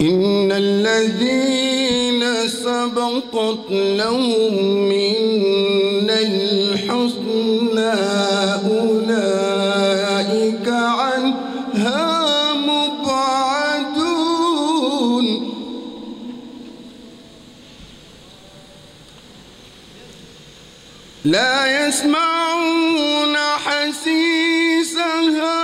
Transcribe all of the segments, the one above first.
إن الذين سبقت لهم من الحسنى أولئك عنها مبعدون لا يسمعون حسيسها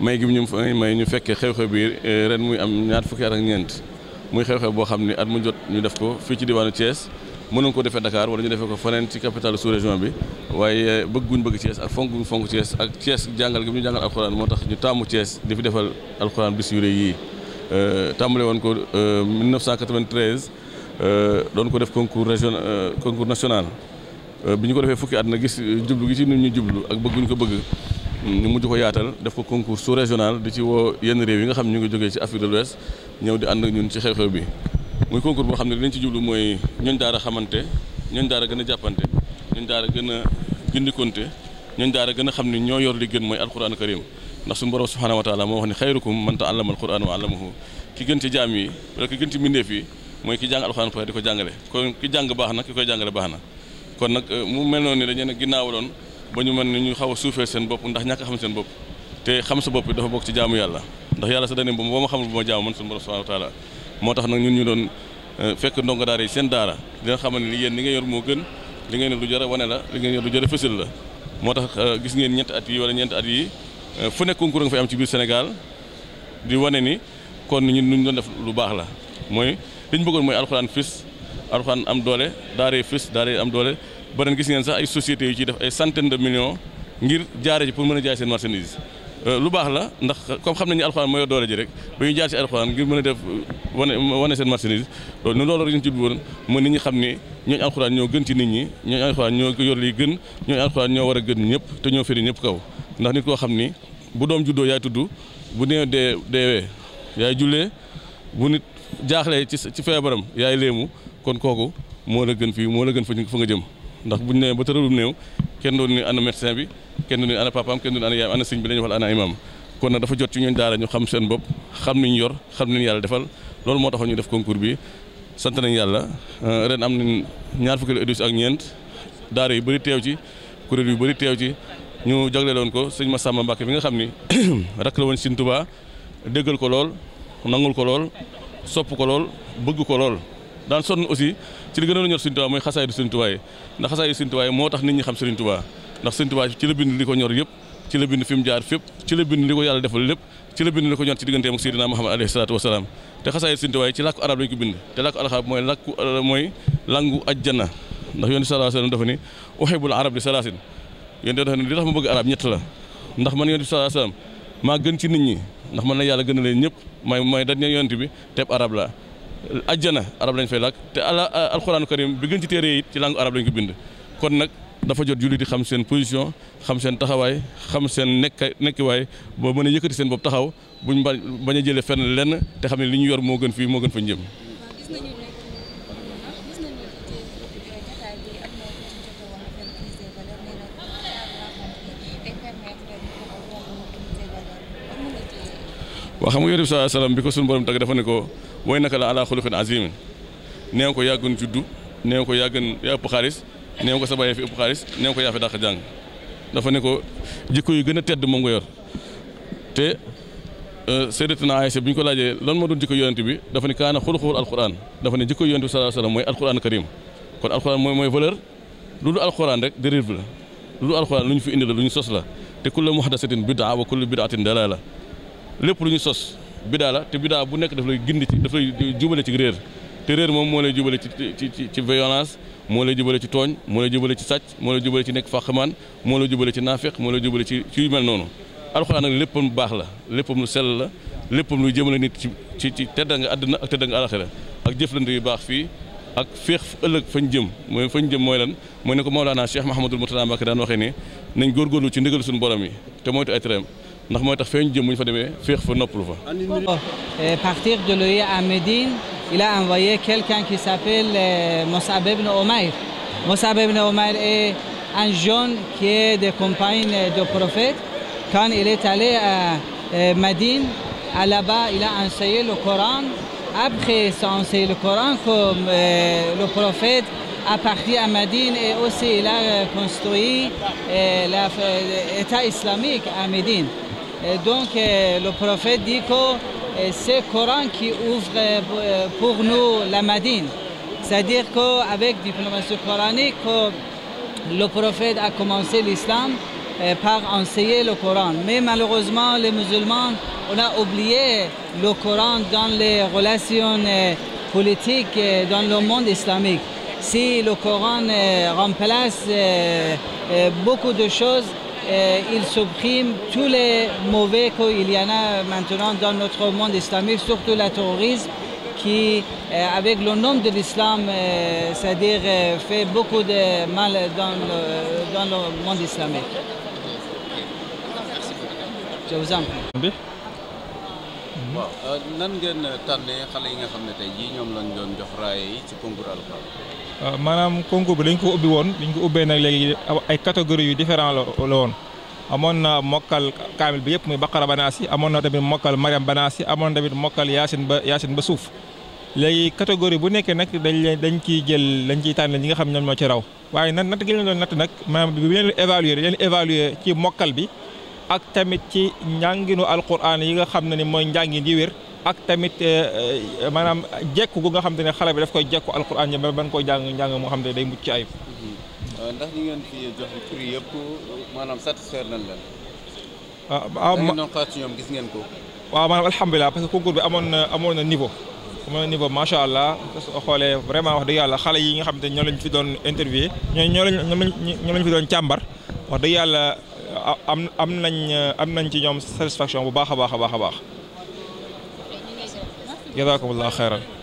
may gi ñu may ñu fekkee xew-xew bi eh, ren muy am ñaar fukki at ak ñeent muy xew-xew boo xam ni at mu jot ñu def ko fii ci diwaanu Thiès mënuñ ko defee Dakar wala ñu defee ko feneen ci capitale sous région bi waaye eh, bëgguñ bëgg Thiès ak fonk guñ fonk Thiès ak Thiès jàngal gi ñu jàngal alxuraan moo tax ñu taamu cees di fi defal alxuraan bis yu rëy yii eh, tàmbale woon ko 1993 eh, doon ko def concours région concours national bi ñu ko defee fukki at na gis jublu gi ci nit ñu jublu ak bëgguñ ko bëgg ñu mujj ko yaatal def ko concours sous régional di ci woo yenn réew yi nga xam ñu ngi jógee ci Afrique de l'Ouest ñëw di ànd ñun ci xew-xew bi muy concours boo xam ne dañ ci jublu mooy ñooñ daara xamante ñooñ daara gën a jàppante ñooñ daara gën a gindikonte ñooñ daara gën a xam ne ñoo yor li gën mooy alquran karim ndax suñu borom subhanahu wa taala moo wax ne xayrukum man ta'allama alquran wa allamahu ki gën ci jaam yi wala ki gën ci mbindeef yi mooy ki jàng alquran pare di ko jàngale kon ki baax na ki koy jàngale baax na kon nag eh, mu mel noonu ni dañu ne ginnaawaloon ba ñu mën ni ñu xaw a suufee seen bopp ndax ñàkk xam seen bopp te xam sa bopp bi dafa bokk ci jaamu yàlla ndax yàlla sa dane ba ma xamul bu ma jaamu man suñu borom subhanahu wa moo tax nag ñun ñu doon euh, fekk ndongo daara yi seen daara dina xamal ne li yéen li ngeen yor moo gën li ngeen yor lu jëre wane la li ngeen yor lu jëre fësal la moo tax euh, gis ngeen ñetti at yi wala ñeenti at yi euh, fu nekk concours nga fay am ci biir senegal di wane ni kon ñun ñu doon def lu baax la mooy li ñu mooy alxuraan fis alxuraan am doole daara fis daara am doole ba gis ngeen sax ay sociétés yu ciy def ay centaine de millions ngir jaare ji pour mën a jaay seen marchandise euh, lu baax la ndax comme xam nañu alxuraan mooy doole ji rek ba ñu jaar ci alxuraan ngir mën a def wane wane seen marchandise loolu loolu rek ñu ci woon mooy nit ñi xam ne ñooñu alxuraan ñoo gën ci nit ñi ñooñu alxuraan ñoo yor li gën ñooñu alxuraan ñoo war a gën ñëpp te ñoo firi ñëpp kaw ndax nit koo xam ni bu doom juddoo yaay tudd bu néew dee deewee yaay jullee bu nit jaaxlee ci ci feebaram yaay léemu kon kooku moo la gën fii moo la gën fa nga jëm ndax buñu nee ba tëralum néew kenn doon ni ana médecin bi kenn doon ni ana papaam kenn doon ana yaayam ana sëñ bi la ñuy wax ana imam kon nag dafa jot ci ñun daara ñu xam seen bopp xam niñ yor xam niñ yàlla defal loolu moo taxoon ñu def concours bi sant nañ yàlla euh, ren am nañ ñaar fukki édition ak ñeent daara yu bëri teew ci kuréel yu bëri teew ci ñu jagleeloon ko sëñ Massamba Mbacke bi nga xam ni rakk la woon Sëñ Tuubaa déggal ko lool nangul ko lool sopp ko lool bëgg ko lool daan sonn aussi ci li gënoon a ñor Sëriñ Tuubaa mooy xasaayidu Sëriñ Tuubaa yi ndax xasaayidu Sëriñ Tuubaa moo tax nit ñi xam Sëriñ ndax Sëriñ ci la bind li ko ñor yëpp ci la bind fi mu jaar fépp ci la bind li ko yàlla defal lépp ci la bind li ko ñor ci digganteem ak Seydina Muhammad alayhi salaatu wasalaam te xasaayidu Sëriñ Tuubaa ci làkku arab lañ ko bind te làkku arab mooy làkku mooy langu ajjana ndax yonent sallallahu alayhi wasallam dafa dafa ni li tax ma bëgg arab ñett la ndax man yonent ñi ndax man la yàlla gën a leen ñëpp may may dañ ne ajjana arab lañ fay làkk te ala alxuraanu karim bi gën ci téere yi ci langue arab lañ ko bind kon nag dafa jot jullit yi xam seen position xam seen taxawaay xam seen nekk nekkiwaay boo mën a yëkkati seen bopp taxaw buñ bañ a jëlee fenn lenn te xam ne li ñu yor moo gën fii moo gën fa njëm waa xam nga yonent bi sallallahu alayhi wasallam bi ko suñu borom tagg dafa ne ko way naka la ala xuluqin azim nee nga ko yàggun juddu nee nga ko yàggun yaa ëpp xaalis nee nga ko sa baay fi ëpp xaalis nee nga ko yaa fi dàq jàng dafa ne ko jikko yu gën a tedd moom nga yor te euh, sayyidatuna Aïcha bi ñu ko laajee lan moo doon jikko yonent bi dafa ne kaana xuluquhu alquran dafa ne jikko yonent bi sallallahu alayhi wasallam mooy alquran karim kon alquran mooy mooy valeur lu dul alquran rek dérive la lu dul fi indi la lu ñu sos la te kullu muhdathatin bid'a wa kullu bid'atin dalala lépp lu ñu sos bidaa la te bidaa bu nekk daf lay gind ci daf lay jubale ci réer te réer moom moo lay jubale ci ci ci violence moo lay jubale ci tooñ moo lay jubale ci sàcc moo lay jubale ci nekk fàqamaan moo lay jubale ci naafeq moo lay jubale ci ci yu mel noonu alxuraan nag léppam lu baax la léppam lu sell la léppam lu jëmale nit ci ci ci tedda nga àddina ak tedda nga alaxira ak jëflante yu baax fii ak féex ëllëg fañ jëm mooy fañ jëm mooy lan mooy ne ko Mawlaana Cheikh Mahamadul Murtada Mbacké daan waxee ne nañ góorgóorlu ci ndigal suñu borom yi te moytu ay tereem ndax mooy tax feeñ jëm bu ñu fa demee féex fa noppalu fa. Euh, partir de l'OUA à Médine il a envoyé quelqu'un qui s'appelle euh, Mus'ab ibn Umayr. Mus'ab ibn Umayr est un jeune qui est des compagnes de prophète. Quand il est allé à euh, Médine, à là-bas, il a enseigné le Coran. Après son enseigné le Coran, comme le prophète à partir à Médine et aussi il a construit l'État islamique à Médine. Et donc euh, le prophète dit que euh, c'est Coran qui ouvre euh, pour nous la Madine. C'est-à-dire qu'avec diplomatie coranique, le prophète a commencé l'islam par enseigner le Coran. Mais malheureusement, les musulmans, on a le Coran dans les relations politiques dans le monde islamique. Si le Coran remplace beaucoup de choses, Eh, il supprime tous les mauvais qu'il y en a maintenant dans notre monde islamique, surtout le terrorisme qui, eh, avec le nom de l'islam, eh, cest à fait beaucoup de mal dans le, monde islamique. Je vous en prie. waaw euh, nan ngeen tànnee xale yi nga xam ne tey jii ñoom lañ doon jox raaye yi ci concours Alxuraan Euh, maanaam concours bi dañ ko ubbi woon dañ ko ubbee nag léegi ay catégories yu différent la la woon amoon na mokkal kaamil bi yëpp muy baqara banaas yi amoon na tamit mokkal mariam banaas yi amoon na tamit mokkal yaasin ba yaasin ba suuf léegi catégorie bu nekkee nag dañ leen dañ ci jël dañ ciy tànn ñi nga xam ñoom moo ci raw waaye nag natt gi leen doon natt nag maanaam bi leen évaluer leen évaluer ci mokkal bi ak tamit ci njànginu alquran yi nga xam ne ni mooy njàngin yi wér ak tamit eh, eh, maanaam jekku gu nga xam te ne xale bi daf koy jekku alquran ña ba ban koy jàng njàng moo xam ne day mucc ayib mm-hmm. uh, ndax ngeen fi yëpp maanaam satisfaire nañ leen waaw ah, ah, noon xaar ci ñoom gis ngeen ko waaw maanaam alhamdulilah parce que concours bi amoon na amoon na niveau amoon na niveau macha allah soo xoolee vraiment wax dëgg yàlla xale yi nga xam te ñoo lañ fi doon interviewé ñoo ñoo lañ ñoo lañ fi doon càmbar wax dëgg yàlla am am nañ am nañ ci ñoom satisfaction bu baax a baax a baax a baax jazakumullahu xayran